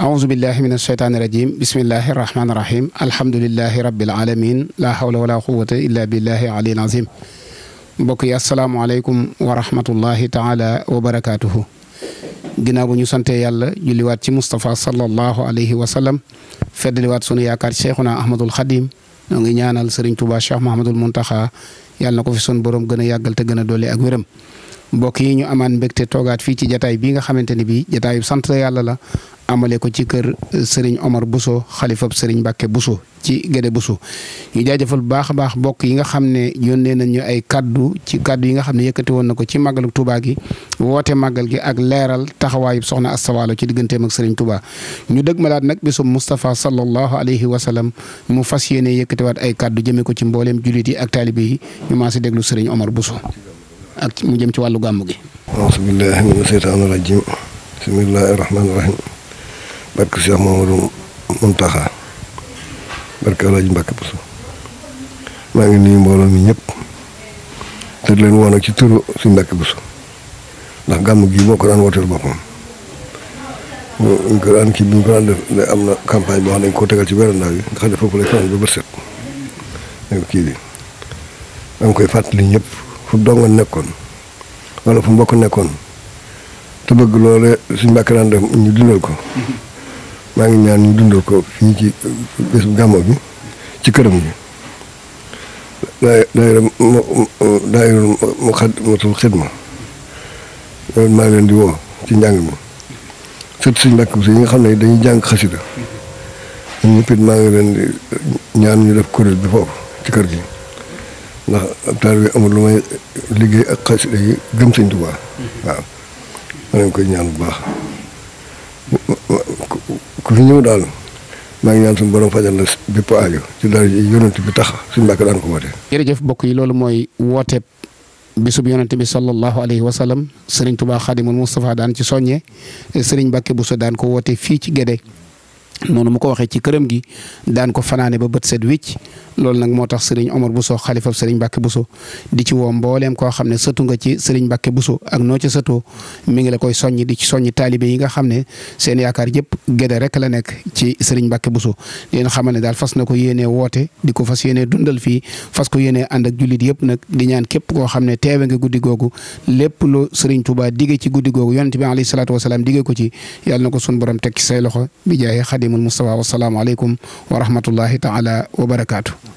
أعوذ بالله من الشيطان الرجيم بسم الله الرحمن الرحيم الحمد لله رب العالمين لا حول ولا قوة إلا بالله العلي العظيم mbokk yi asalaamaaleykum wa rahmatullahi taala wa barakaatuhu ginnaaw bu ñu santee yàlla julliwaat ci Moustapha sallallahu alayhi wa sallam feddaliwaat sunu yaakaar ci Cheikhuna Ahmadul Xadim ñoo ngi ñaanal Serigne Touba Cheikh Mahamadul Muntaxa yàlla na ko fi sun borom gën a yàggal te gën a doole ak wéram mbokk yi ñu amaan mbégte toogaat fii ci jataay bii nga xamante ne bii jataayu sant yàlla la amale ko ci kër eh, Serigne Omar Bousso xalifab Serigne Mbacke Bousso ci Gédé Bousso ñu jaajëfal bu baax a baax bokk yi nga xam ne yónnee nañu ay kàddu ci kàddu yi nga xam ne yëkkati woon na ko ci màggalu Touba gi woote màggal gi ak leeral taxawaayu soxna Astawaalo ci digganteem ak sëriñ Touba ñu dëg malaat nag bisu Moustapha sallallahu alayhi wa sallam mu fas yéene yëkkatiwaat ay kàddu jëmee ko ci mbooleem jullit yi ak taalibe yi ñu maa si déglu Serigne Omar Bousso ak mu jëm ci wàllu gàmm gi. auzu billaahi mina shaytaani rajiim bismillaahi rahmaani barke Cheikh Mamadou Muntaxa barke Alaaji Mbàkke Buso maa ngi nuyu mbooloo mi ñëpp te leen woon ci turu suñu Mbàkke Buso ndax gàmm gii moo ko daan wooteel boppam ñu daan kii bi ñu ko daan def am na campagne boo xam dañ koo tegal ci weerandaa bi nga xam ne foofu lay ba bët set kii bi da nga koy fàttali ñëpp fu dongoon nekkoon wala fu mbokk nekkoon te bëgg loole suñ mbàkk daan def ñu dundal ko maa ngi ñaan ñu dundal ko fii ci bés gàmmo bi ci këram gi daayira daayira Muxaddamatul Xidma loolu maa ngi leen di woo ci njàng mi surtout suñu mbokk yi nga xam ne dañuy jàng xasida ñun ñëpp it maa ngi leen di ñaan ñu def kuréel bi foofu ci kër gi ndax ab taal bi amul lu may liggéey ak xasida yi gëm Sëñ Tuubaa waaw ma leen koy ñaan bu baax ku fi ñëw daal maa ngi ñaan suñu borom fajal la bépp aajo ci dara yonent bi tax suñu mbàkk daan ko woote. jërëjëf mbokk yi loolu mooy wooteeb bisub yonent bi sallallahu alayhi wa sallam sëriñ Touba Xaadimul Moustapha daan ci soññe sëriñ bu Bousso daan ko woote fii ci Gédé. noonu mu ko waxee ci këram gi daan ko fanaane ba bët set wicc loolu nag moo tax sëriñ soo Bousso xalifab sëriñ Mbacke Bousso di ci woo booleem koo xam ne sëtu nga ci sëriñ Mbacke Bousso ak noo ci sëtoo mi ngi la koy soññ di ci soññ taalibe yi nga xam ne seen yaakaar yëpp géde rek la nekk ci sëriñ Mbacke Bousso di leen xamal ne daal fas na ko yéenee woote di ko fas yenee dundal fii fas ko yéenee ànd ak jullit yëpp nag di ñaan képp koo xam ne teewe nga guddi googu lépp lu sëriñ Touba digee ci guddi googu yonent bi alayhi salaatu wasalaam digee ko ci yàlla na ko sun borom teg ci say loxo xaadimul Mustafa wassalaamu aleykum wa rahmatullahi taala wa barakaatu